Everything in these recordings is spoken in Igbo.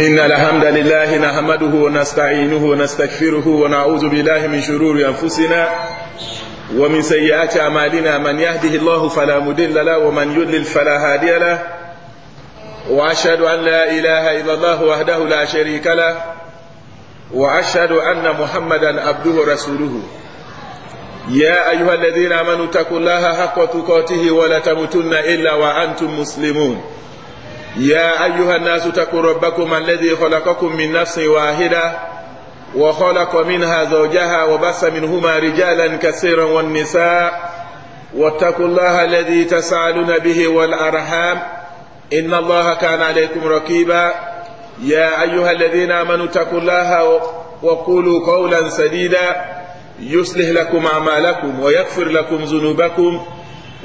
إن الحمد لله نحمده ونستعينه ونستغفره ونعوذ بالله من شرور أنفسنا ومن سيئات أعمالنا من يهده الله فلا مدل له ومن يدلل فلا هادي له وأشهد أن لا إله إلا الله وحده لا شريك له وأشهد أن محمدا عبده ورسوله يا أيها الذين آمنوا اتقوا الله حق تقاته ولا تموتن إلا وأنتم مسلمون يا أيها الناس اتقوا ربكم الذي خلقكم من نفس واحدة وخلق منها زوجها وبس منهما رجالا كثيرا والنساء واتقوا الله الذي تسألون به والأرحام إن الله كان عليكم رقيبا يا أيها الذين آمنوا اتقوا الله وقولوا قولا سديدا يصلح لكم أعمالكم ويغفر لكم ذنوبكم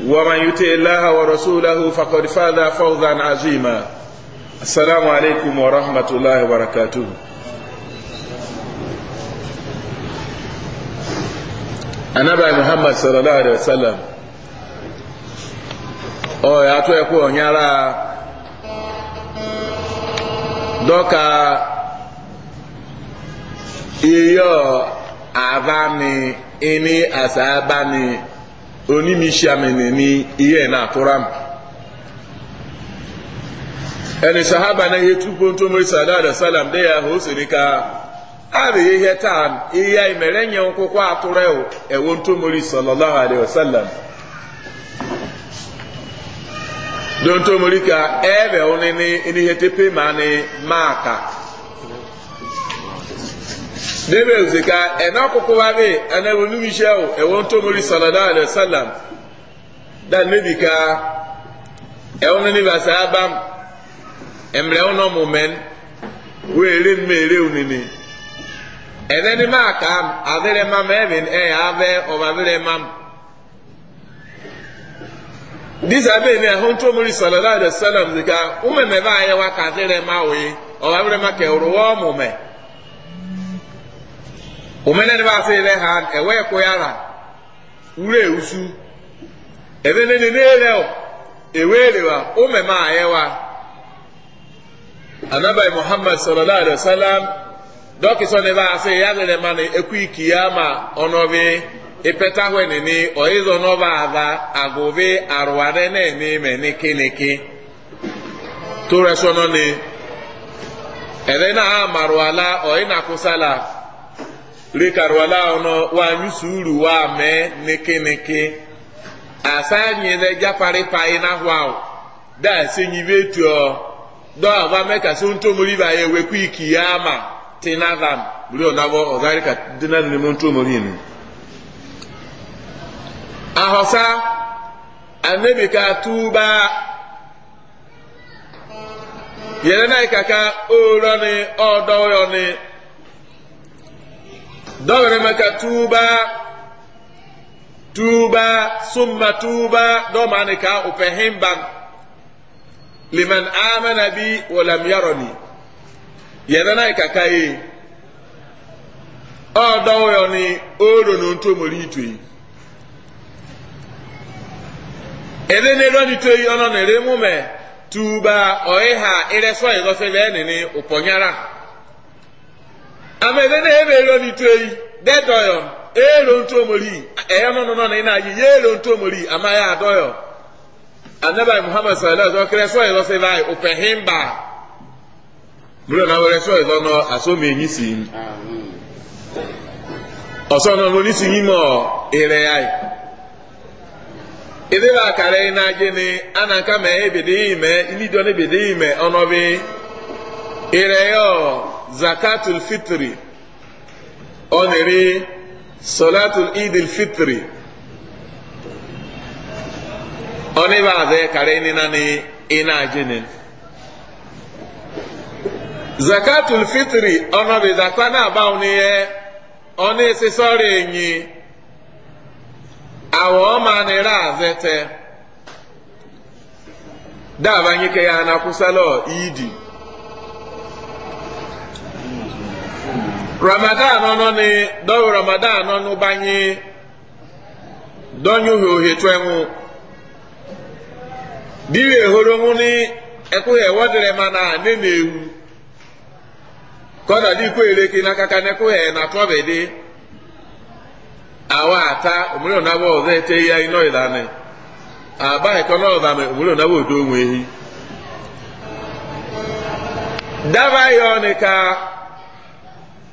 ومن يطع الله ورسوله فقد فاز فوزا عظيما السلام عليكم ورحمة الله وبركاته anabai muhammad sallallahu alaihi wasallam ọ ya atụ ekwe onyara dọka iyo avani ini asabani onime isi ni ihe na-atụrụ m ẹni sahaba na ihe tupu ntomori sadada salam de ya ha o siri ka adịghị ihe taa ihe anyị mere nye nkwụkwọ atụrụ e ewu ntomori sallallahu alaihi wasallam do ntomori ka ebe onini ihe tepe ma maa ka. n'ebe ozika ena koko ba mi ɛna wɔn numu ihyia o ɛwɔ ntomori sallallahu alaihi wa nebi ka ɛwɔ ne ne ba saa bam mmerɛ wɔn ɔmo mɛn ere mu ere wo nini ɛnɛ ne maa kam abere mam mam ni sallallahu alaihi zika wɔn ba ayewa ma wo ye ɔba ma ke omenere ba asị ile ha ewe kwụ ya na uru ewusu ebe nene n'ele ewerewa omeme wa. anabai muhammad sallallahu alaihi wasallam dọkịta na ebe asị ya ma mana ekwu iki ya ma ọnọbi ipetahwe e nini oizo e nọba ada agụvi arụware na-eme ime n'ikeneke tụrụ esononi ere e na ha marụala oyi na akwụsala lekaruwala ọ̀nà wa nyu uru wa mẹ́ nekeneke asanyi lẹ japaripa pa na hwa o daa senyi bẹ tu ọ dọọ àwọn amẹ́ka sọ ntomori ba yẹ wẹ́kú ìkì yá ama tí na vam wúlò ọ̀nà bọ ọ̀gárí ka dínà ní mu ntomori ni. ahọ́sá anabika túbà yẹlẹ náà kàkà ọ̀rọ̀ ni ọ̀dọ́ yọ ni. dɔwɛrɛ ma ka tuuba tuuba summa tuuba dɔw ma ni ka o fɛ hin ban liman amana bi walam yarɔni yɛrɛ n'a ye ka k'a ye ɔ dɔw yɔ ni o dono to mori to yi ɛdɛ ne dɔ ni to yi ɔnɔ ne re mɛ tuuba ɔye ha erɛ sɔ yi lɔfɛ nini o pɔnyara. amede na-ebe ero n'itu eyi dedoyo ero ntu omori eya nọnọ na ị na-ayị ya ero ntu omori ama ya adọyo muhammad sallallahu alaihi wasallam kere sọ ịlọ sị bai opehim ba bụrụ na were sọ ịlọ nọ asọm enyi si ọsọ nọ n'onye si n'ime ọ ere ya ebe ba akara ị na-agị ni a na nka mee ebede ime ndị dị ọ na ebede ime ọnọbi ere ya ọ zakatul fitri ọ̀nìrí solatul idil fitri ọ̀nìbà àbẹ kàrẹ́ nínà ní iná jìnnì. zakatul fitri ọ̀nàbì zakwa náà báwọn ni yẹ ọ̀nà ìsísọ́rọ̀ ẹ̀yìn àwọn ọmọ anìrà àbẹ tẹ dáàbà yín kẹyà anakusalọ ìdì. ramadan ọnọ ni dọwụ ramadan ọnụ banye dọnyụ hie ohie tụ enwu diwe ehoro nwụ ni ekwu ha ewọdịrị ma na ne na-ewu kọda dị ikwu ereke n'akaka n'ekwu ha na tọbịdị awa ata omere onabọ ọzọ ete ya ịnọ ịlanị aba ekọnọ ọzọ omere onabọ odo onwe ehi daba ya ọ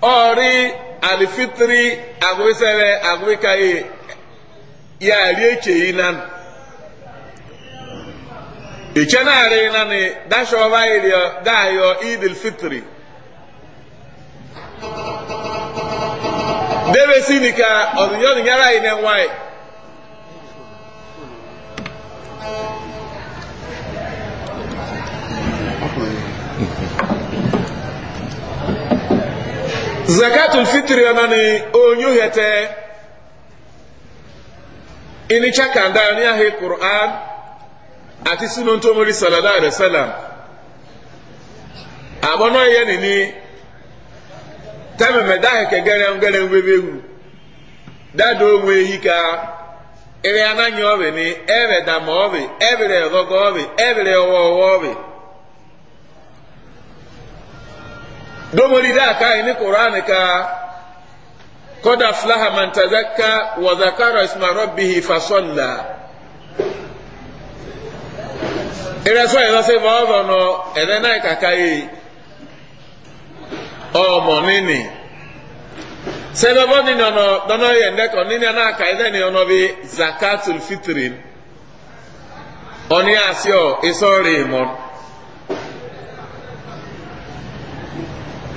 ọrị alifitiri agwụsịrị agwụkaghị ya rie cheyi nan iche narị nanị dashọba irio dayọ idil fitiri debe sini ka ọdịnyọ dịnyere anyị na nwaanyị zakatul fitri anani onyu hete ini chakanda ni ahi qur'an ati sunu ntomori sallallahu alaihi wasallam abono ye ni ni tame me da ke gere ngere webewu da do we hika ere ananyo be ni ebe da mo be ebe re gogo be ebe owo owo be domori da ka yi ni qur'ani ka qad aflaha man tazakka wa zakara isma rabbih fa salla ere so ere se ba ba no ere na e ka ka yi o mo nini se ba ba nini no do no ye nde ko nini na ka ide ni ono bi zakatul fitrin oni asio isori mo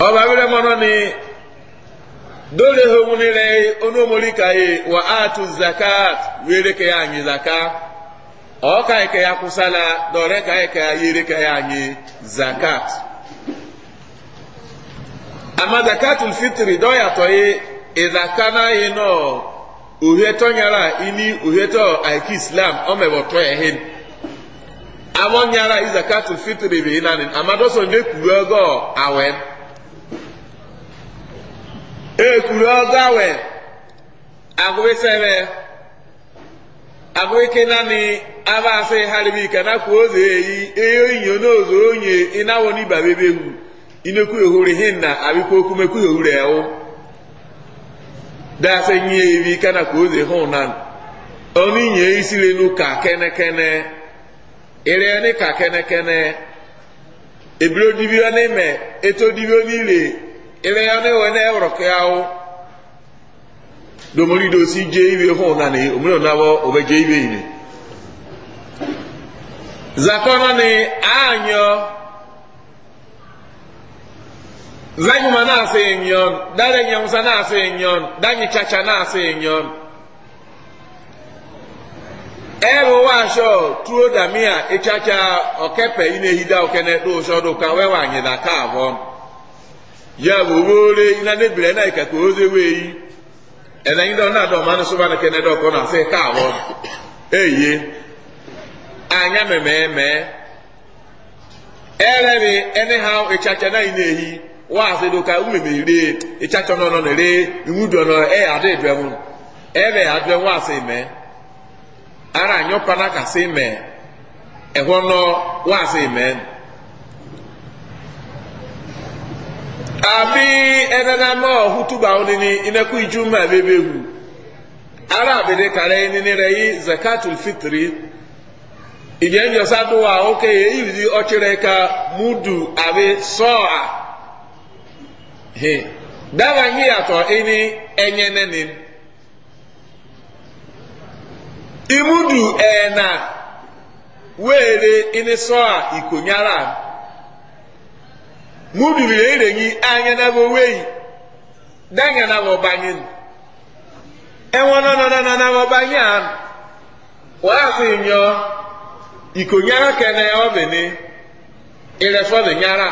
ọba wẹrẹ mọnà ni dole homu ni rẹ onomori ka ye wa atu zakat ka ya anyị zaka ọka yi kẹ ya kusala dọrẹ ka yi kẹ yẹrẹ zakat ama zakatul fitiri dọ yàtọ ye ìdàkánná yìí nyara ìní islam nyara amadọsọ ekuru ọgawe agwụsebe agwụike naanị abasị haribi ka nakwa ozo eyi eyo inyo n'ozo onye ịnawo n'iba bebe inekwu ehuri hinna abikwa okumekwu ehuri ewu daasị nye ebi ka nakwa ozo hụ na ọnụ inye ka n'ụka kenekene ere ka kenekene ebiro dibiwa n'ime eto dibiwa n'ile ilé ya ne wòye ne ɛwòrò kéawo domoli do si dze iwe hó nani omuli onabɔ obe dze iwe yini zakɔnɔ ni anyɔ zanyuma naa se nyɔn dare nyamusa naa se nyɔn danyi tsatsa naa se nyɔn ɛrò wàásɔ tuo damia echacha okepe yi ne yi do sɔ do ka wɛwà nyi da ká avɔ. ya bụ owore ina nebiri enaika ka oze wee yi enayi dọ e na adọ mmanụ sụba na kene ọkọ na asị ka abụọ eye anya meme eme erebi ene ha ịchacha na ị na-ehi waasị do ka umeme rie ịchacha nọ nọ na iwu dọ nọ e adị dụọ mụ ebe ya dụọ waasị mee ara anyọ pana kasị mee ehụ nọ waasị mee Abi enana ma ohutu ba iju ni ineku ijuma bebegu. Ara be de kare ni ni fitri. Ibe nyo oke okay, yi di ka mudu abị sọọ a. Dawa ngi ato ini enyene ni. Imudu ena were ịnị sọọ ikunyara. Imudu ena mudubiri erenyi anya na bo wei danya na bo banyin enwa no no no na bo banyan wa afi nyo ikonyara kene obeni ile fo de nyara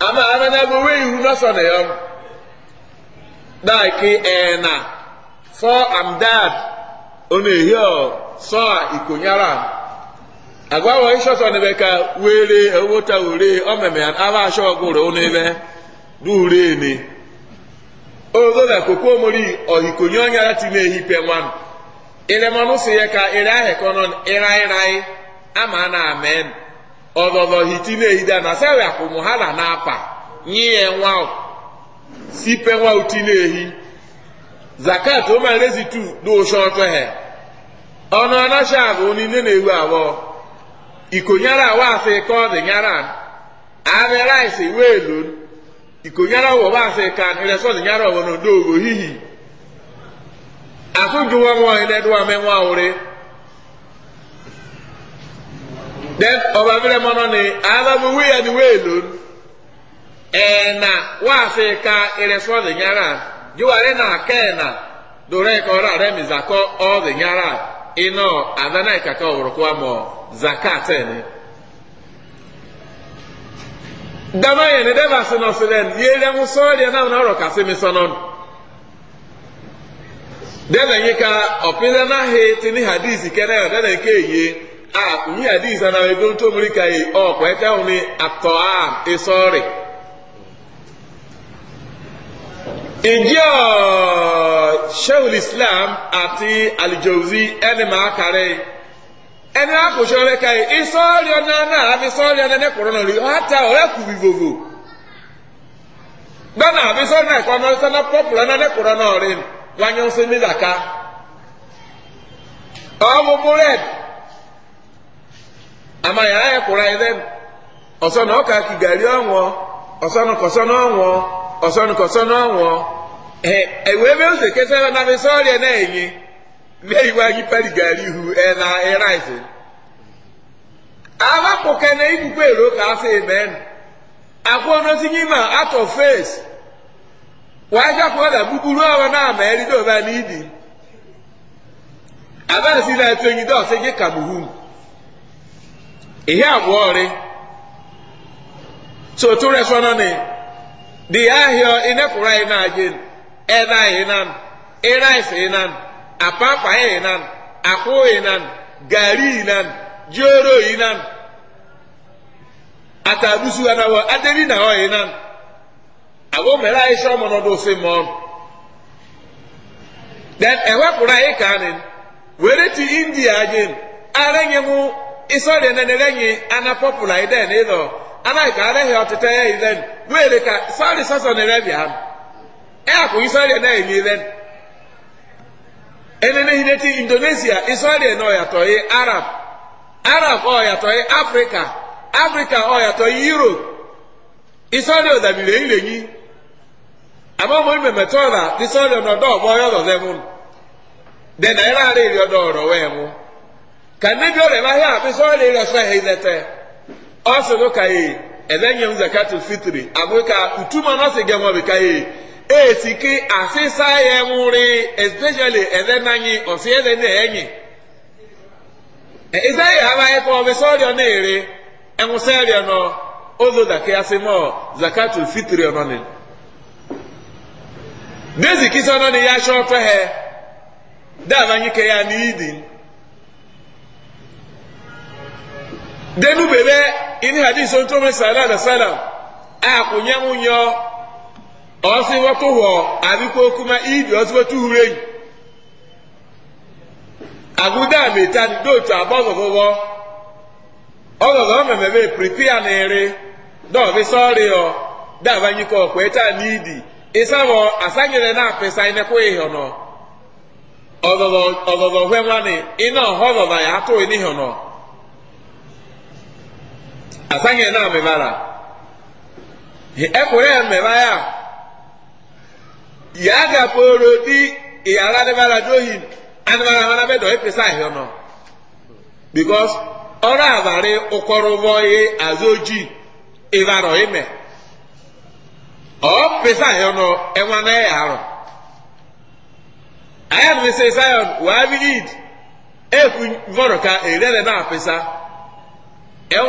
ama ara na bo wei hu na na yo dai ki ena so am dad one here so ikonyara agwa wọ ịsọ sọ n'ebe ka were ewota ure ọmeme ya aba asọ ọgụrụ n'ebe dure ene ozo na koko omori ọhikonye ọnya ya ti na-ehipe nwanụ ịrịmanụ si ya ka ịrị ahịkọ nọ ịraịraị e, ama na amen ọzọzọ hiti na-ehide ehi na sewe akwụmụ ha na na nye ya nwa sipe nwa uti na-ehi zakat ụmụ nrezi tu dị ụsọ ọtọ ha ọnụ anaghị abụ onye nne na-ewu abụọ ikonyara awaasị ka ọ dị nyara abịa raịsị wee lon ikonyara ọwọ waasị ka nresọ dị nyara ọwọ n'odo ogo hihi atụjụwa nwaanyị na-edụwa mee nwa ni ni e na waasị ka dị nyara jụwarị na na dore ka ka ọ dị ịnọ zakat ene dama yene de basi na ɔsilen yele mu sɔɔli na ɔna ɔrɔ kasi mi sɔnɔ dɛnɛ yi ka ɔpinɛ na he ti ni hadisi a na ɔyɛ gbɛn tomori ka ye e, ni kɔɛ tɛ ɔni atɔ islam àti ẹni ẹni àpòṣọ rẹ ka yìí ìsọ́ọ̀rì ọ̀nà náà àbí sọ́ọ̀rì ọ̀nà ẹni kọ̀ọ̀rọ̀ náà rí ọ̀hátà ọ̀rẹ́ kù ìvòvò gbọ́nà àbí sọ́ọ̀rì náà kọ́ ọ̀nà sọ́nà pọ́pùlù ọ̀nà ẹni kọ̀ọ̀rọ̀ náà rí wáyé ńsọ ní zàká ọ̀hún búrẹ́d àmà yàrá yẹ kúrò lẹ́nu ọ̀kà kì gàrí mary nwanyị pari gara ihu e na ịraịsị e agbapụke na igwukwe ero ka afọ emen akwa onozinye ma atọ fes wajakwoda gbukpuru ọwa na ama eridoba n'idi abasi na etonyide ọsị gị ka muhu ihe abụọ rị so resọnọ ni dị ahịa ịnepụrụ anyị na-ajị e ịna ịnan ịraịsị ịnan apapa nan akwụ nan gari nan jioro nan atabusu anawo aderi na oyi nan agwo mere anyị chọọ mụ n'ọdụ ofe ma ọnụ then ewepụrụ anyị ka anyị were ti india anyị arenye mụ isọrịa nenerenye anapọpụla iden ịdọ anaghị ka areghị ọtịta ya iden were ka sọrị sọsọ nere bịa e akwụghị sọrịa na-enye iden enene hineti indonesia israeli ene ọyatọghị arab arab ọyatọghị Africa. Africa ọyatọghị europe israeli ọdabiri enyilenyi amamoni memetọla israeli ọnọdụ ọgbọ ọyọdọ lemun de naira ara eri ọdọ ọrọ wee mụ ka nnebi ọrịa n'ahịa akpa israeli eri ọsọ ha izete ọsọ ka ye elenye m zakatu fitri agwụ ka utu esi ki asịsa ya nwụrị especially eze nanyị ọsị eze na-enyi ịsa e, ya ha anyị kọ ọbịsa ọrịa na-ere enwụsa ọrịa nọ ozo zaka asị mọ zakatu fitri ọnọ nị dezi kisa ọnọ nị ya chọọ ọtọ ha dama anyị ke ya n'idi denu bebe ini hadis ontomri sallallahu alaihi wasallam akwụnye nwụnyọ ɔsi wɔkɔ wɔ abikɔ kuma ibi ɔsi wɔtɔ wura yi aguda amita ni dootu abɔgɔgɔ wɔ ɔgɔgɔ mɛmɛ bɛ prepare n'ere asanyere na apesa ineko ehɔ nɔ ɔgɔgɔ ɔgɔgɔ hwɛ wani ina ɔhɔgɔgɔ ya ato ini asanyere na mɛmɛ e ya ya. ya ga poro di iyara adibara doyin adibara mana bɛ dɔ epesa ahyɛ no because ɔrɔ abari ɔkɔrɔbɔ ye azoji ibara ɔyimɛ ɔpesa ahyɛ no ɛwa na ɛyɛ arɔ ayɛ no sɛ zion waabi eku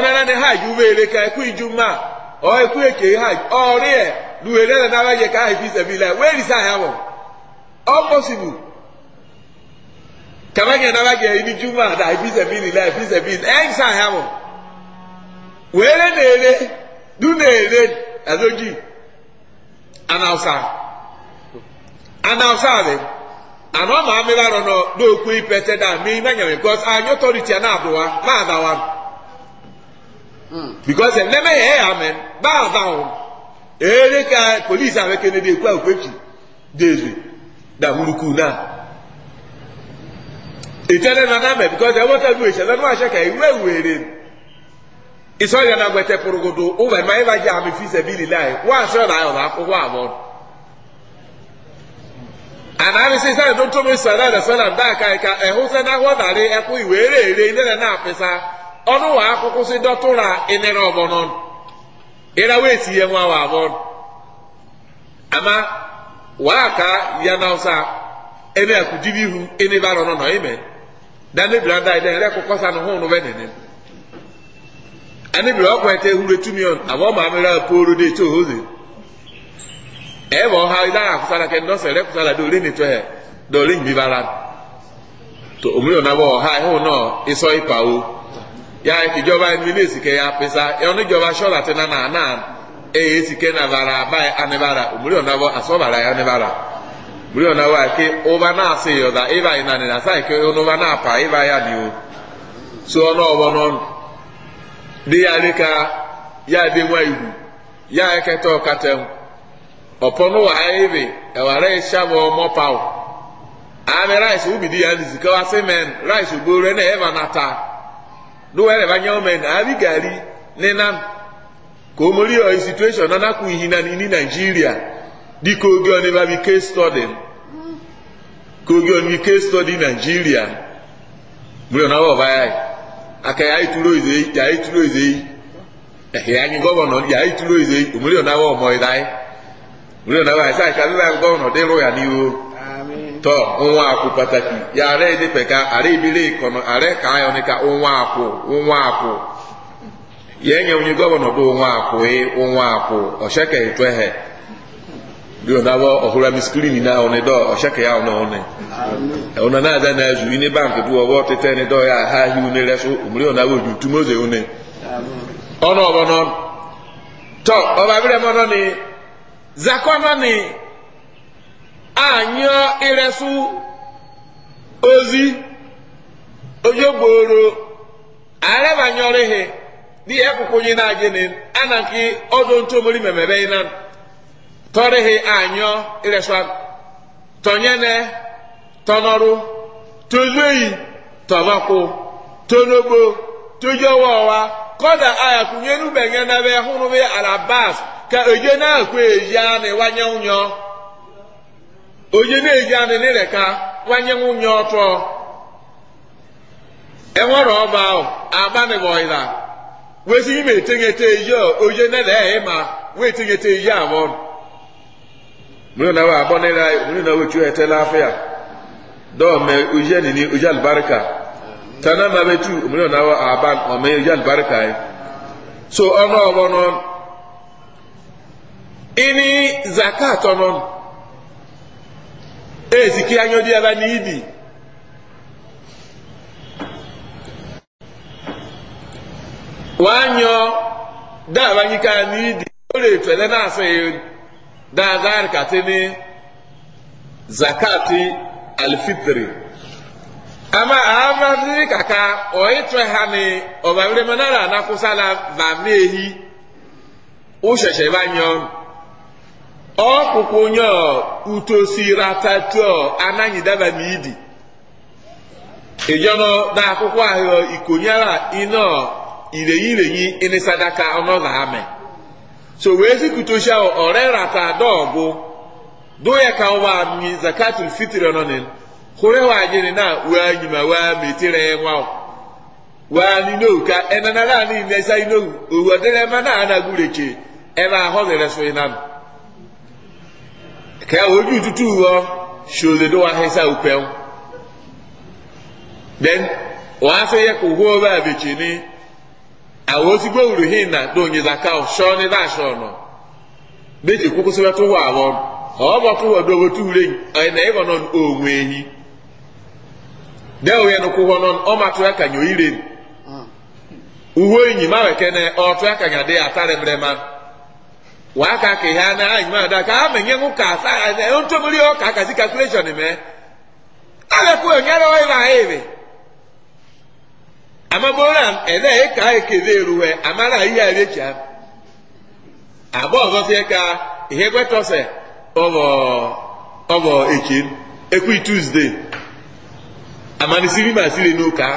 na na ha ju ere ka eku ma eku eke ha duwere na n'aba yẹ káyọ̀ fi sẹ̀bi la wẹ́ẹ̀ ní sáyà wọ̀ all possible kaba yẹn n'aba yẹ ibi juma da fi sẹ̀bi ni la fi sẹ̀bi ẹ̀ ní sáyà wọ̀ wẹ́ẹ̀rẹ́ n'ere du n'ere azoji anawusa anawusa bẹ àná màá mi bá rọnà lóòkù ìpẹtẹ dà na mẹnyẹmẹ because àyàn tọrọ ìtìyà náà bọ wa máa bá wa because ẹ lẹ́mẹ̀yẹ ẹ̀ àmẹ́ bá a bá ere ka polisi ahụekene na-ekwe okwechi dị ezwe na wuruku na ìtẹ́lẹ̀ náà náà mẹ́bí kọ́sẹ̀ ẹwọ́n tẹ́lú ìṣẹ̀lẹ̀ náà ṣẹ̀kẹ̀ ìwé ìwéèrè ìsọ̀yẹ̀ na gbẹ̀tẹ̀ porogodo ọmọ ẹ̀ma ẹ̀ bá fi isi láì wọ́n aṣọ ẹ̀ náà ọ̀rọ̀ akọ́kọ́ àbọ̀. ànábi ere ere na ọnụ dọtụra era weesi ya nwa wa abụọ ama waa ka ya na ọsa ebe a kujiri ihu enebe arọ nọ n'ime dani bila da ide ere kọkọ sa hụ n'ụbẹ nene ani bila ọkwa ete ehuru etu mion abụọ ma amịrị apụrụ dị etu ohoze ebe ọha ide a kwụsara ke ndọsa ere kwụsara dị ole na n'etu ha dị ole nyibibara to omiri ọnabọ ọha ịhụ nọ ịsọ ịpa o ya ìjọba ẹni lè ya pèsè oníjọba sọ́ọ̀lá ti nà na náà èyí esike na bara abai anibara òmùrí ọ̀nà bọ̀ ya anibara ake ụba ọba asị sè ịba ìbá na nà asaa ike ìké ọba náà pa ìbá yà ni o so ọ̀nà ọ̀bọ̀ ya bí ya ebe ká iwu ya eketa ọkata ọmọ ubi di duwere banya omen abi gari nenan ka omori oyi situation na nakwu ihi na nini nigeria dịka oge ọnịba bi case study ka oge ọnịba case study nigeria mgbe ọ na-awa ọba ya aka ya ituro izeyi ya ituro izeyi ehe anyị gọvanọ ya ituro izeyi omori ọ na-awa ọmọ ịda anyị na-awa ya saa ịka ndị na-agụ gọvanọ dịrụ ni n'ihu tọ nwa àkú pataki ya àrẹ èdè pẹ̀ka àrẹ ìbílẹ̀ ìkọ̀nà àrẹ kàáyọ̀ níka nwa àkú nwa àkú yẹ ẹ̀yẹ onye gọ́vọ̀nà dó nwa àkú ẹ̀ nwa àkú ọ̀ṣẹ́kẹ̀ ètò ẹ̀hẹ̀ bí wọn dábọ̀ skrini náà ọ̀nà dọ́ ọ̀ṣẹ́kẹ̀ yà ọ̀nà ọ̀nà ọ̀nà náà ha une anyụọ ịresụ ozi onyogboro arabanyọrọ ihe dị ekwụkwụnye na-agịnị ana nke ọdụ ntomori memebe ịna tọrịghị anyụọ ịresụ tọnyene tọnọrụ tozuoyi tọbakwụ tonogbo ọwa kọda agha n'ubeghe na be hụrụ be alabas ka oje na-akwa eji a na-ewanye ụnyọ onye na-eyi anị nịrịka nwanye nwunye ọtọ enwere ọba ahụ agbanịbọịla wezi ime eteghete eyi onye na-ele ịma wee teghete eyi abụọ mmiri na wa abọ nịra mmiri na wechu etela afọ ya dọọme oyi nini oyi alibarika tana ma betu mmiri na wa aban ọmọ oyi alibarika ya so ọnụ ọgbọ nọ ịnị zakat ọnụ èsì kí anyọ́dí ẹ bá ní ìdì. wàá nyọ dáàbá yín ká ní ìdì ó lè tẹ̀lé náà sẹ́yìn dáadáa kàtí ní zakati alifitiri ama ama ní kàkà ọ̀yẹ́ tẹ̀ ha ní ọ̀bàwìrẹ́mẹ́nára anakusa la bàmí èyí ó ṣẹ̀ṣẹ̀ bá nyọ́. ọkpụkpụ nye utosiratato anaghị daba m idi ejenọ na akwụkwọ ahụ ikonyera ino irenyirenyi inisadaka ọnọla amị so wee zikutosia ọrerata dọgụ do ya ka ọwa amị zakatul fitiri ọnọdụ hụrụ wa anyị na wee nyima wee metere ya nwa wee nino ka enanara anyị nesa ino owu ọdịrị ebe na-anaghị ureche ebe ahụ rere so ịnanụ kẹ́ẹ̀ ojú tútù wọ ṣòlódó wa hẹ́sà òpẹ́wọ́ then wọ́n á sọ yẹ kó hó bá àbèjì ní àwọn osigbo wùrù hìn nà dó nyi zaka ọ̀ṣọ́ ní láṣọ ọ̀nà méjì kókó sọ́wọ́ tó wọ àwọn ọ̀bọ̀ tó wọ̀ dọ́wọ́ tó ẹ̀nà dẹ́wọ̀ yẹn kó má waka ka ihe na anyị mada ka ha menye ụka ntụmri ọka kazi kalkuleshọn mee alekwu nyere ọyịra ha ere amabora ele ka ekele eruwe amara ihe arecha agba ọzọzie ka ihe gwetọse ọbọ echi ekwi tuzdee amanisiri ma siri n'ụka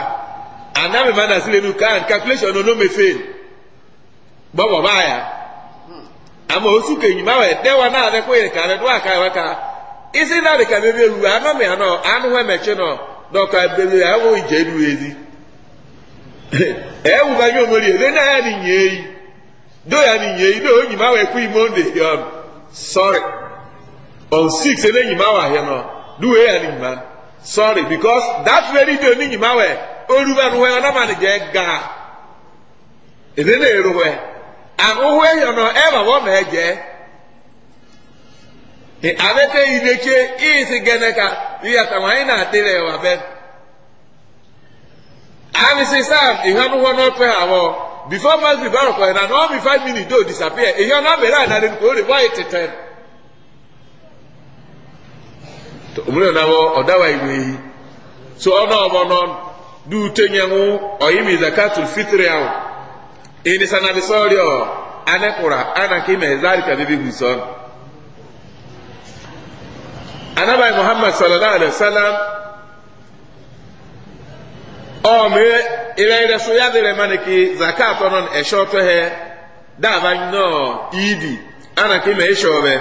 anamima na siri n'ụka kalkuleshọn ono mefee gbọgbọba ya ama osu ka enyima wee dewa na adekwa ire ka redu aka ka isi na adịka bebe eru anọ mi anọ anụ ha mechi nọ dọka bebe ahụ ije eru ezi ewubanye omeri ebe na ya ninye eyi do ya ninye eyi do onyima wee kwu ime onde on sorry on six ene enyima wa ahịa nọ duwe ya ninma sorry because that very day onyima enyima oruba nụ hwe ọ na ma na je gaa ebe na-eru hwe ahụhụ ehiọ nọ ebe ọ ma eje abete ideke isi gene ka iyata nwanyị na-adịrị ụwa be amisi sam ihe ọnụhụ n'ofe ha abụọ before mazi barụkọ na na ọmị 5 minutes do disappear ihe ọ na-abịara adarị nke ori gwa ịtịtị omere na ọ dawa iwe ehi so ọ na ọbọ nọ du tenyenwu ọyimi zakatul fitri ahụ ini sana bisorio ane kura ana kime zalika bibi guson anabai muhammad sallallahu alaihi wasallam o me ire ire so ya dire maniki zakat onon e shoto he da ba no idi ana kime e shobe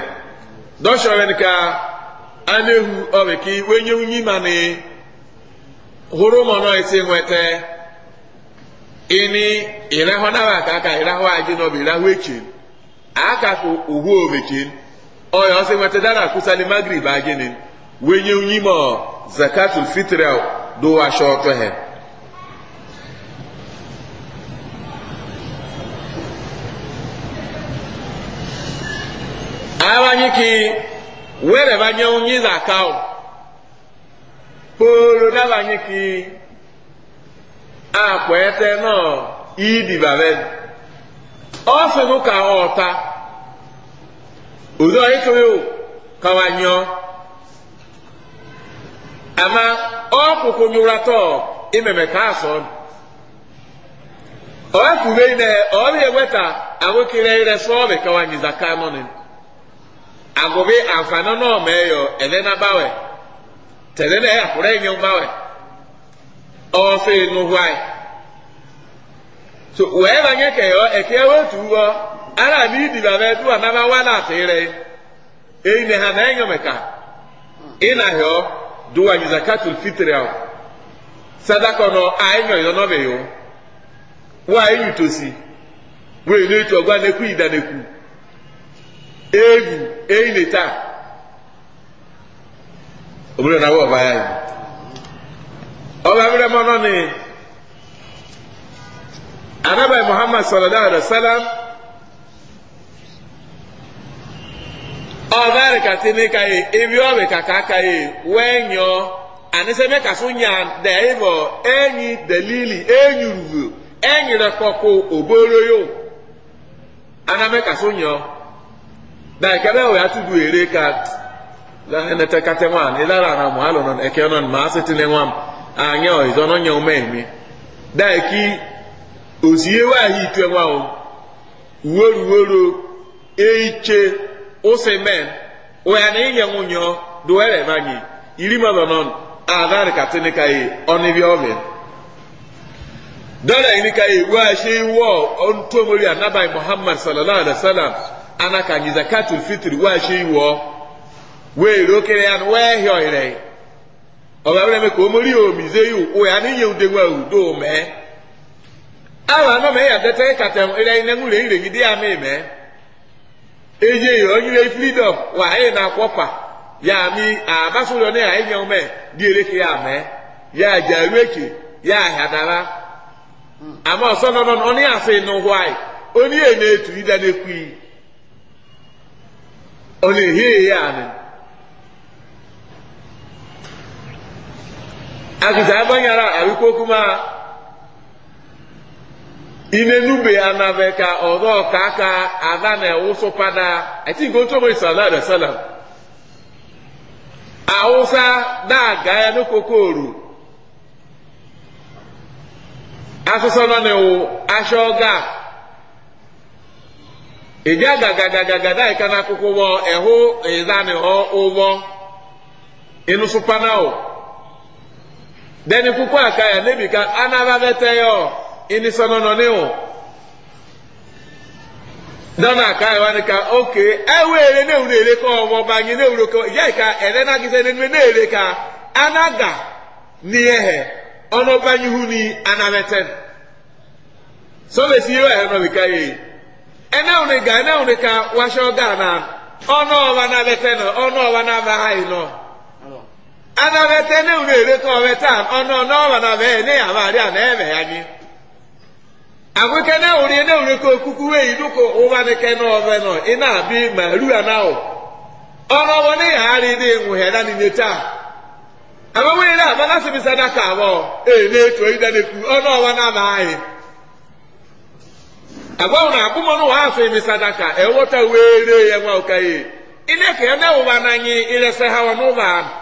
do shobe nka anehu o be ki wenye unyi mani horo mono ese nwete ini ịrahụ nawa ka aka ịrahụ anyị nọ ịrahụ irahụ aka ka uhu omechen ọya ọsị nweta dara akwụsali magrib agịnị wenye unyi ma zakatul fitrel dụwa shọtụ ha abanye ki were banye unyi zakao polo nabanye ki àpẹẹtẹ náà ìdìbà bẹ́ẹ̀ ọ̀sìnkú ka ọ̀ta òdò ayékèwé o kàwá nyọ àmà ọ̀kùnkù nyúratọ̀ ìmẹ̀mẹ̀ káàsọ̀ ọ̀kùnkù yìí dẹ̀ ọ̀rẹ́ yẹ wẹ́ta àwòkèrè rẹ sọ́ọ̀bì kàwá nyìzàká nọ́ni àgùnbí àǹfààní náà mẹ́yọ̀ ẹ̀dẹ́ náà báwẹ̀ tẹ̀lé náà ẹ̀ ɔfee no hwae so wɛɛ ba nyɛ kɛyɛ ɛkɛyɛ e wotu hɔ ara mi di ba bɛ du anaba wa la ateerɛ eyi ne ha na enyo mɛ ka ina hɛ do wa nyi zakatul fitiri awo sadaka nɔ anyị enyɔ yɔ nɔbɛ yɔ wa eyi tosi e e wo eyi etu ɔgba n'eku yi da n'eku eegu eyi eyine taa. náà na ọ̀ báyà yìí. náà ni muhammad sallallahu alaihi wasallam sallam ọbẹ̀rẹ̀ kàtí ní kàyé ibi ọbẹ̀ kàkà kàyé wẹ́nyọ ànisẹ́mẹ́ kàsó nya dẹ̀ ẹ̀bọ̀ ẹ̀yìn dẹ̀lílì ẹ̀yìn rẹ̀ kọ̀kọ̀ ògbólóyò anamẹ́ kàsó nyọ dàì kẹ́lẹ́ ọ̀ yà èrè ká lẹ́nẹ̀tẹ̀ kàtẹ́ wọn àní lára àlọ́ nọ ẹ̀kẹ́ nọ màá anya ọzọ n'onye omeme daki ozie wahi itwe nwawo uweruweru eiche useme oya na inye nwunyo duwere manyi iri mmadụ nọ adari ọ ọnịbi ọbịa dọ́là yìí ni ka ìwé àṣẹ ìwọ ọ̀ntọ́mọ̀rí anábàáyí muhammad sallallahu alayhi wa sallam anaka yìí. ọ ọbabịa eme ka o mori omize ya ụkwụ ya n'ihe ude nwa udo mee awa anọ mee ya dete kata ere ine nwure ire gide ya mee mee eje ya onyere freedom wa anyị na-akwọpa ya mi abasụrọ na ya inye ume dị eleke ya mee ya jaru eke ya ahadara ama ọsọ nọ nọ ọnị asị n'ụhụ anyị onye na-etu ida na-ekwu iyi ọ na-ehi ya anyị agịza agbanyara arụkwoku ma inenube anave ka ọzọ ka aka ada na ewusu pada i think otu onwe sallallahu alaihi wasallam awusa na-aga ya n'okokoru asụsụ nọ n'iwu ashoga ịdị agagagagaga daika n'akwụkwọ ụgbọ ịhụ ịza n'ụgbọ ịnụsụpa na ụgbọ deni kuku aka ya nebi ka anababete yo inisonono ni o dọ́nà aka ya wani ka oke ewu ere n'ewuru ere ka ọmọ banyi n'ewuru ka ya ka ere n'agịsa n'enume n'ere ka anaga n'ihe ọnụ banyi hu ni anabete sọlesi iwe ehe nọ bika ye enewuru ga enewuru ka wasọ gaa na ọnụ ọba n'abete nọ ọnụ ọba n'aba ha nọ. anabete ne unu ereta ọbeta ọnụ ọnụ ọba na ne ya a na-eme ya gị agwụke na uri ne uri ka okuku wee iduko ụwa na ọbụ nọ ị na-abị ma ahụ ọnụ ọbọ ne ya na ya na nile na na e. na e ha sadaka wee ya ị na-eke na ụwa na anyị ilesa ha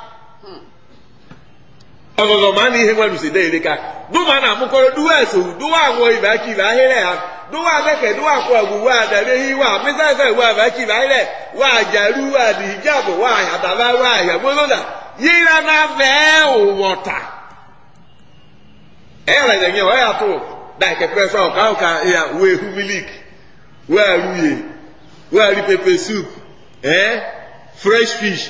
ọzọzọ ma na ihe nwere usi deere ka dụma na amụkọrọ duwa esogbu duwa agwọ ibe aka ibe ahịrị ha wa adara ihe wa amịza efe wa ibe aka ibe ahịrị wa ajaru wa adị hijabụ wa ahịa daba wa ahịa gbozoda yira na vee ụwọta ẹ̀rẹ̀ ẹ̀yẹ̀ dàkẹ́ pẹ́sọ́ ọ̀ká fish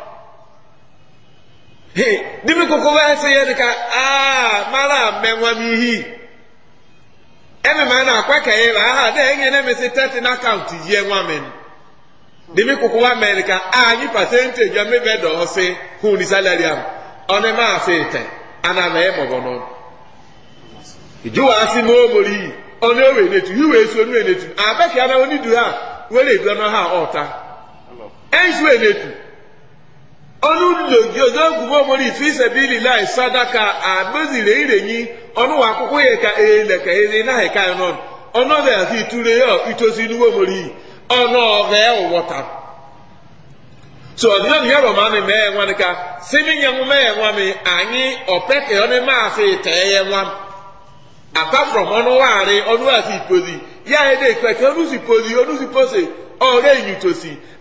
he dimi koko bɛyɛ sɛ yɛ de ka aa mara mɛnwa mi hi ɛmi na akɔ kɛyɛ ba aha dɛ ɛnyɛ ne mi si tɛti na yɛ nwa mi dimi koko wa mɛ ka aa ah, nyi percentage wa mi bɛ dɔɔ hun ni salary am ɔne se tɛ ana mɛ nɔ wa si mo mori ɔne netu enetu ah, na oni du ha wele ɔnɔ ha ɔta ɛnsu enetu. ọnụ nlogi odo ogubo omori ifi sebili lai sadaka agbezire irenyi ọnụ wa akwụkwọ ya ka ele ka ele na heka ya nọn ọnụ ọbịa ya iture ya itozi n'uwe omori ọnụ ọbịa ụwọta so ọdịnọ ya rọ ma anyị mee nwa nika sini ya nwa ya nwa mi anyị ọpeke ọnụ maasị tee ya nwa apart from ọnụ wagharị ọnụ wa si ipozi ya ede ikwe ka ọnụ si pozi ọnụ si pose ọrụ enyutosi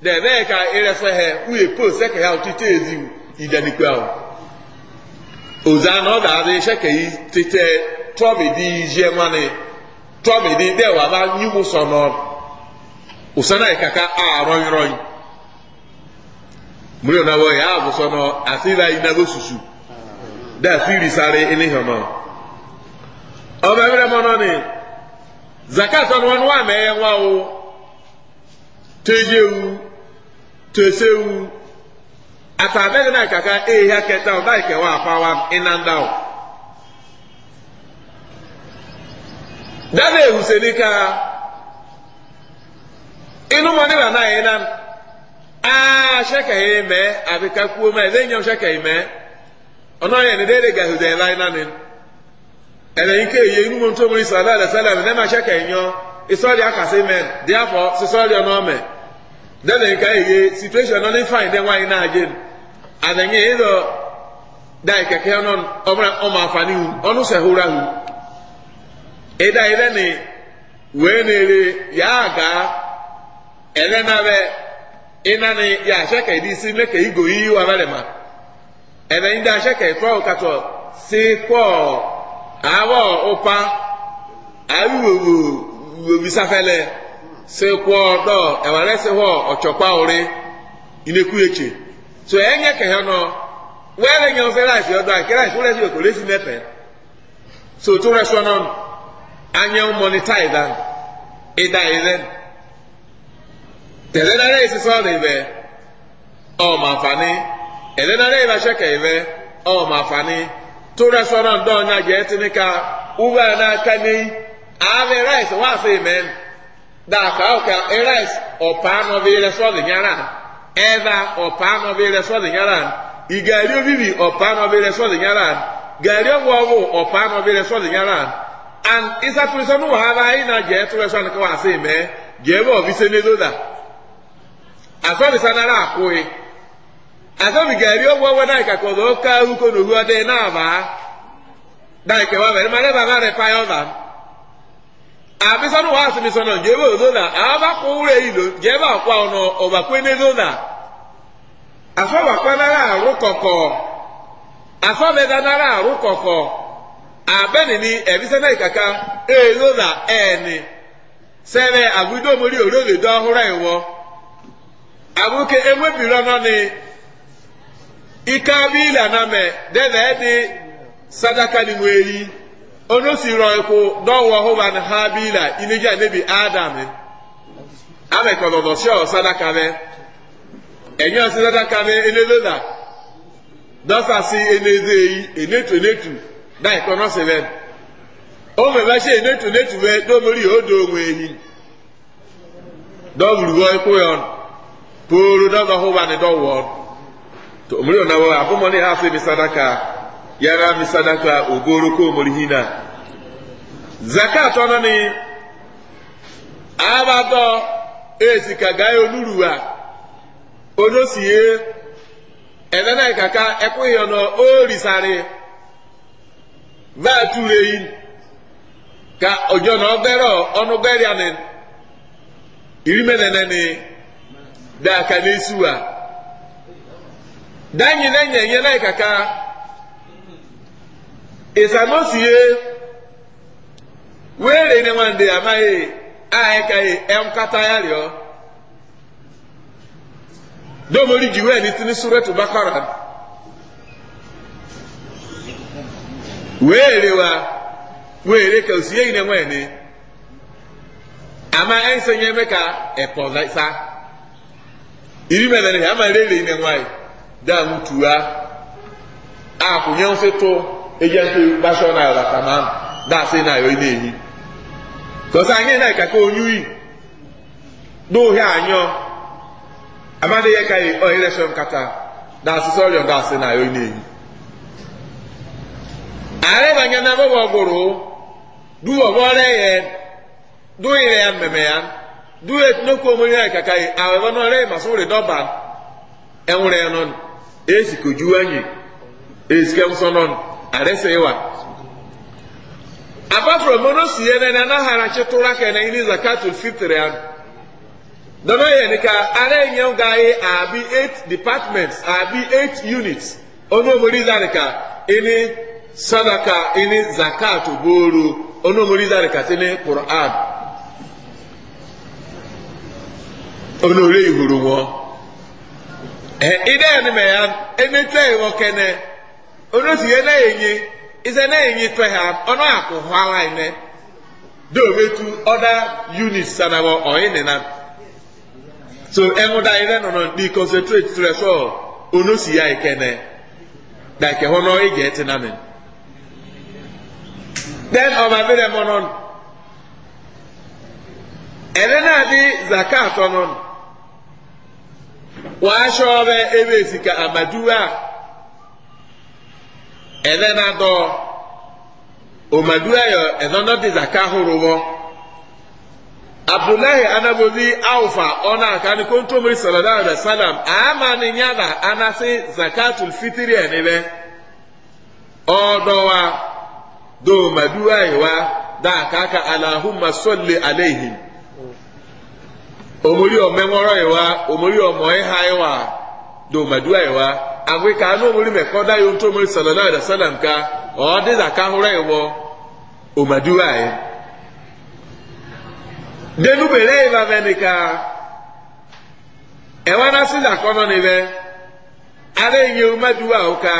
na debe ka ịresa ha uye post ka ha ọchịchị ezi idanikwa oza na ọ ga-adị sheke yi tite tọmidi ije nwanne tọmidi dewa ba nyumu sọ n'ọrụ usana ikaka a rọnyịrọnyị mmiri na wọ ya abụ sọ nọ asịrị anyị nago susu dafi risarị ịnịhịọ nọ ọ bụ ebere mọ nọ ni zakat ọnụ ọnụ a mee ya nwa o tejewu tosewu ata na ka inu mọ nígbà náà yìí nan aa sẹkẹyì mẹ abikakuo mẹ ẹdẹ nyẹm sẹkẹyì mẹ ọ̀nà yẹn ni déédéé gàdú dẹ̀ láyé nánì ẹ̀dẹ̀yìn kéèyé inú mọ̀ ntòmùrì sàlẹ̀ àdàsẹ́lẹ̀ mi nẹ́ẹ̀ma isi ọrịa ìsọ̀rí akásí mẹ díàfọ̀ sísọ̀rí ọ̀nà then ị ka ihe situation nọ na-efain dị nwaanyị na-aje adịghị ịdọ dai keke ọnụ ọmara ọma afani hu ọnụ sehura hu ịda ịda ni wee na-ere ya aga ere n'abịa be ịna ni ya ahịa ka ịdị isi meka igo iyi wa mere ma ebe ndị ahịa ka ịtọ katọ si kwọ awọ ụpa awiwewo webisafele. sekwuo dọ eweresiho ọchọkwa ori inekwu eche so enye kehe nọ wẹ́ẹ̀rẹ̀ yan fẹ́ láìsí ọdọ àìkẹ́ láìsí ó lẹ́sí kò lẹ́sí mẹ́fẹ́ so tó rẹ́sọ náà anyẹ ń mọ́nítà ìdá ìdá ìrẹ́ tẹ̀lẹ́dárẹ́ ìsísọ́ọ̀rọ̀ ìbẹ́ ọmọ àǹfààní ẹ̀lẹ́dárẹ́ ìbáṣẹ́kẹ̀ ìbẹ́ ọmọ àǹfààní tó rẹ́sọ náà dọ́ọ̀nyá jẹ́ tíníkà wúwẹ́ náà kẹ́ni ààrẹ ráìsì wá sí ìmẹ́ni. daka oka erais opano vile swadi nyara eva opano vile swadi nyara igalio vivi opano vile swadi nyara galio wawo opano vile swadi nyara an isa tulisanu hava ina je tulisanu kwa asime jebo visene doda asobi sanara akoi asobi galio wawo na ikakodo e. ka huko no huade na ava dai ke wa vere mare ba mare pa yoda abisanu wa asimisɔnɔ jɛba ozona aba kowure yi lo jɛba akɔ ɔnɔ ɔbakwe nezona afɔba kpanara aru kɔkɔ afɔbɛda nara aru kɔkɔ abɛnini ɛbisɛnɛ kaka ezona ɛni sɛbɛ agudomori orole do ahura iwɔ sadaka ni ono si rọ ikwu dọwọ hụba na ha bila inija nebi adam amekọdọdọ si ọsadakane enye ọsadakane elelola dọsasi enezeyi enetu enetu na ikọnọsilen o mebe etu enetu enetu be domori odo onwe ehi dọwuruwo ikwu ya pooro dọdọ hụba na dọwọ to omori onawo abụmọni ha si sadaka yara mi sadaka ogoro ko morihina zakat ọ̀nà ni abadọ esi kagaye oluruwa onosie ẹnana kaka ẹkụghị ọnọ orisari vatureyi ka ọjọ na ọgbẹrọ iri irimeneneni daka n'esuwa danyi na enye nye na kaka ìsàmọ́sìyé wéèrè ni wọn de àmà yìí àyẹ̀kà yìí ẹ̀ńkátá yà lẹ́ọ́ dómori jìwé ẹni tí ní súrẹ́tù bá kọ́ra wéèrè wa wéèrè kà òsì yéyìn ẹ̀wọ̀n ẹ̀ni àmà ẹ̀ńsẹ̀ yẹn mẹ́ka ẹ̀pọ̀ sá ìrìmẹ̀lẹ̀ ni àmà rẹ̀ rẹ̀ ẹ̀wọ̀n yìí dáhùn tùwá àkùnyẹ́wọ́sẹ̀ tó. e nke a na ala ka na dasị na ayọ na-eyi kọsa anyị na ka onye uyi n'ohi anyọ amadị ya ka ohere sọ nkata dasị sọrịọ dasị na ayọ na-eyi ààrẹ bànyẹ náà bọ̀bọ̀ gbòòrò dúwọ̀ bọ́ọ̀rẹ́ du dúwìrẹ́ ya mmemme ya dúwẹ̀ ya omi rẹ̀ kàkà yìí àwẹ̀ bọ́nà ya nọ e e anyị e nọ aresewa apart from ono siye na na nahara chitura ke na ini zakatul fitr an dono ye ka are nye ga abi 8 departments abi 8 units ono mori ini sadaka ini zakatu boru ono mori zalika tini qur'an ono re ihuru wo eh ide ni me ya wo kene onosi ye na-enye ize na-enye twe ha ọnụ akụ hụala eh? ime dobetu ọda unit sanabọ ọyịnịna so enwụda ire nọ na di concentrate tresọ onosi ya ikene na ke hụ n'ọyị ga-eti na mị den ọbabere mọ nọ ere na-adị zakat ọnụ wa ashọ ọbụ ebe esika a. ɛdɛ na dɔ omadu ayɔ ɛdɔ na di zaka horo wɔ abdullahi anabozi awufa ɔna akani kontomri sallallahu alaihi wa ama ni nyada anasi zakatul fitiri ɛni bɛ wa do omadu ayɔ wa da kaka alahuma sɔli aleihim omori ɔmɛŋɔrɔ yi wa omori ɔmɔ yi yi wa do omadu ayɔ wa. agwe ka anụ omori mekọda ya otu omori na alaihi wasallam nka ọ dịza ka hụrụ ịwọ omadu anyị e. denubere ịba veni ka ẹwà náà sí làkọ́nà níbẹ̀ ara ìyẹ omaduwa ọ̀ka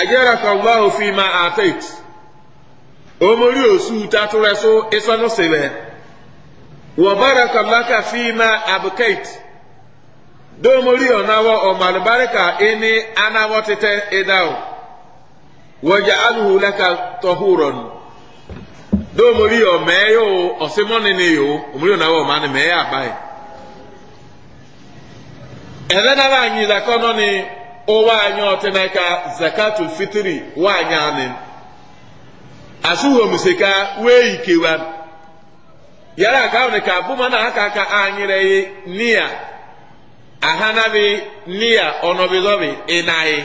àjẹrà kọ̀ọ̀gbà òfin ma àtẹ̀t omori òsù tatúrẹ́sù ìsọnù sílẹ̀ wọ̀ bára kọ̀ọ̀láka fi ma domori onawo ọmalbarika ini anawo tete idawo wọjà aluhu lẹka tọhúrọn domori ọmẹyọ ọsẹmọnìyọ omori onawo ọmọani mẹyẹ abayi ẹlẹnara anyi lakọnọ ni anyi ọtẹnẹka zakatu fitiri wọ anyaani asuhomsika wẹẹyi kewa yàrá àkàwọn nìka bùmọ náà anyi rẹ yìí níyà. ahana bi niya ono bi dobi inayi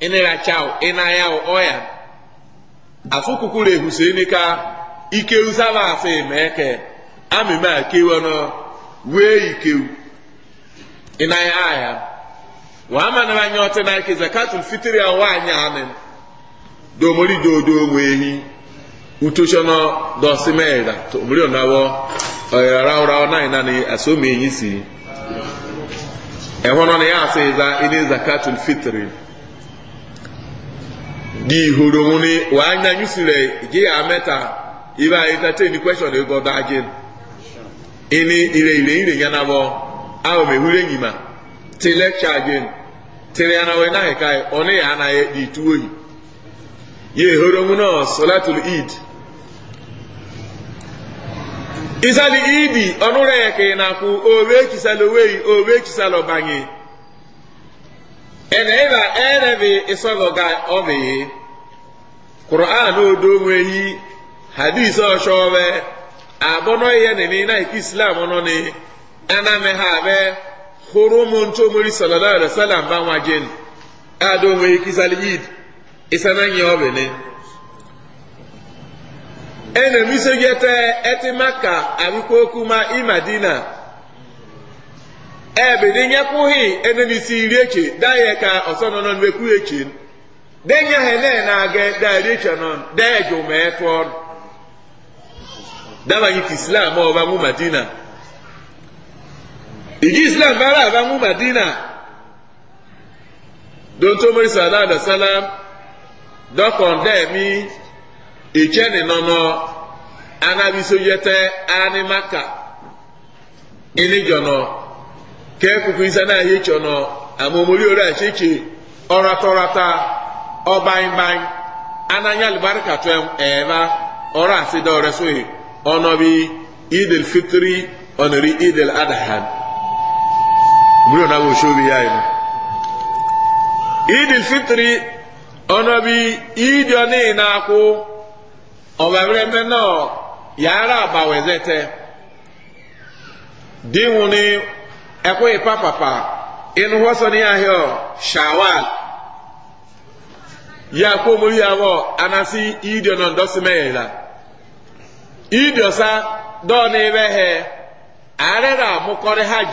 inira chao inaya oya afuku kule huseni ka ike usaba ase meke ami ma ke wono we ike inaya aya wa ama na banyote na ke zakatul fitri awanya amen do mori do do wehi utoshono do simeda to mori onawo rawrawo nai nani asomi yin si ɛhɔnɔ no yɛasɛ za ɛne zakatul fitri di ihoro mu ni wàá nyusi rɛ gye yà mɛta ibà entertain the question de gɔdɔ agye ɛni ire ire ire yanabɔ awo mɛ hure ma ti lecture agye tiri na ɛna heka yi ɔne yà ana di isali ibi ọnụrụ eke na kwụ owe kisala wei owe kisala ọbanye ene ịba erebi ịsọgọ ga ọmịghị kuran odo nweghị hadis ọchọwe abọnọ ihe nene na ike islam nọ na aname ha abe hụrụ ụmụ ntụ mori sallallahu alaihi wasallam banwajen adọ nweghị kisala yid isananye ọbịnị ene misegete etimaka ma imadina ebidi nyekwuhi enenisi iri eche daye ka ọsọnọnọ nwekwu eche denye hene na-aga dari eche nọ deejo ma etu ọrụ dabanye ka islam ọbanwu madina iji islam bara abanwu madina don tomori sallallahu alaihi wasallam dokon itsɛni nɔnɔ anabiso yɛtɛ animaka inidzɔnɔ kɛkuku isana ahitsɔnɔ amomoli ori atsitsi ɔratɔrata ɔbainbain ananya alibarika tɔ ɛɛva ɔrɔ asi dɔ rɛ so yi ɔnɔbi idil fitiri ɔnɔri idil adahan múlò náà wò sóbi yá yìí idil fitiri ɔnɔbi idil ɔnìyàn náà kó. ọ̀bẹ̀rẹ̀ mẹ́ náà yàrá àbàwẹ̀zẹ̀ tẹ dínwó ní ẹ̀kọ́ ìpá pàpà ní ahẹ́ ọ̀ ṣàwàl ya kó anasị àwọ̀ na ndọsị náà dọ́sí mẹ́yẹ̀lá dọọ sá dọ́ọ̀ ní ibẹ̀ hẹ́ ààrẹ rà mọ́kọ́rẹ́ hajj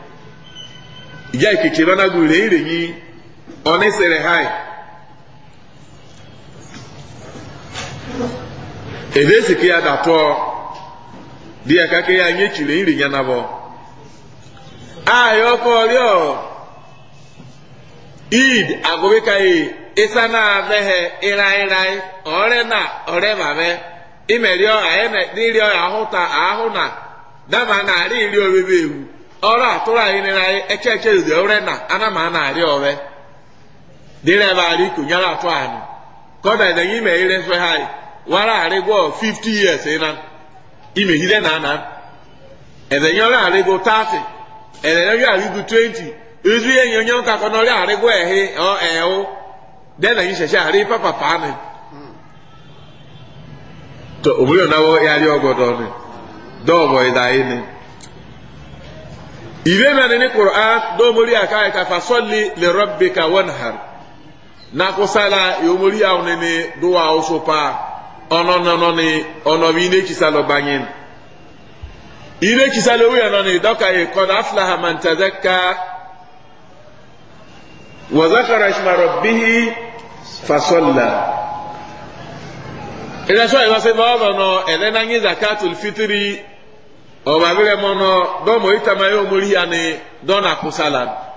ìjà ìkèké lọ́nà gùn rèé rèé ọ̀nẹ́sẹ̀rẹ̀ háì èdè èsìké adàtọ́ di àkàkẹ́ yà nyé tsi rèé rèé nyanabọ́ ayọ̀ kọ́ọ̀lẹ́ ọ̀ id agobeka yìí isana abẹ́hẹ ìrànìrànì ọ̀rẹ́ nà ọ̀rẹ́ màmẹ́ ìmẹ̀rìọ́ àyẹ̀mẹ̀ nírí ọ̀ àhúta ọrụ atụrụ anyị nere anyị echeche udo ore na ana ma na arị dịrị ebe arị nyere atụ anyị kọda edenye ime ire fe ha wara arị gwọ 50 years ịna na ana edenye ọrụ arị gwọ 30 ọrụ arị gwọ 20 ihe nye onye na ehi ọ dena arị papa to omume ya ọgọdọ ni dọọbọ ịda anyị ibe mene ni qur'an do muri aka ka fa salli li rabbika wanhar na ko sala yo muri awne ni duwa o so pa ono no no ni ono wi ne ki salo banyin ine ki salo wi ono ni doka e qad aflaha man tazakka wa zakara isma ọba abirẹ mọ nọ dọmọ itama yẹ omori ya ni dọna kusalan.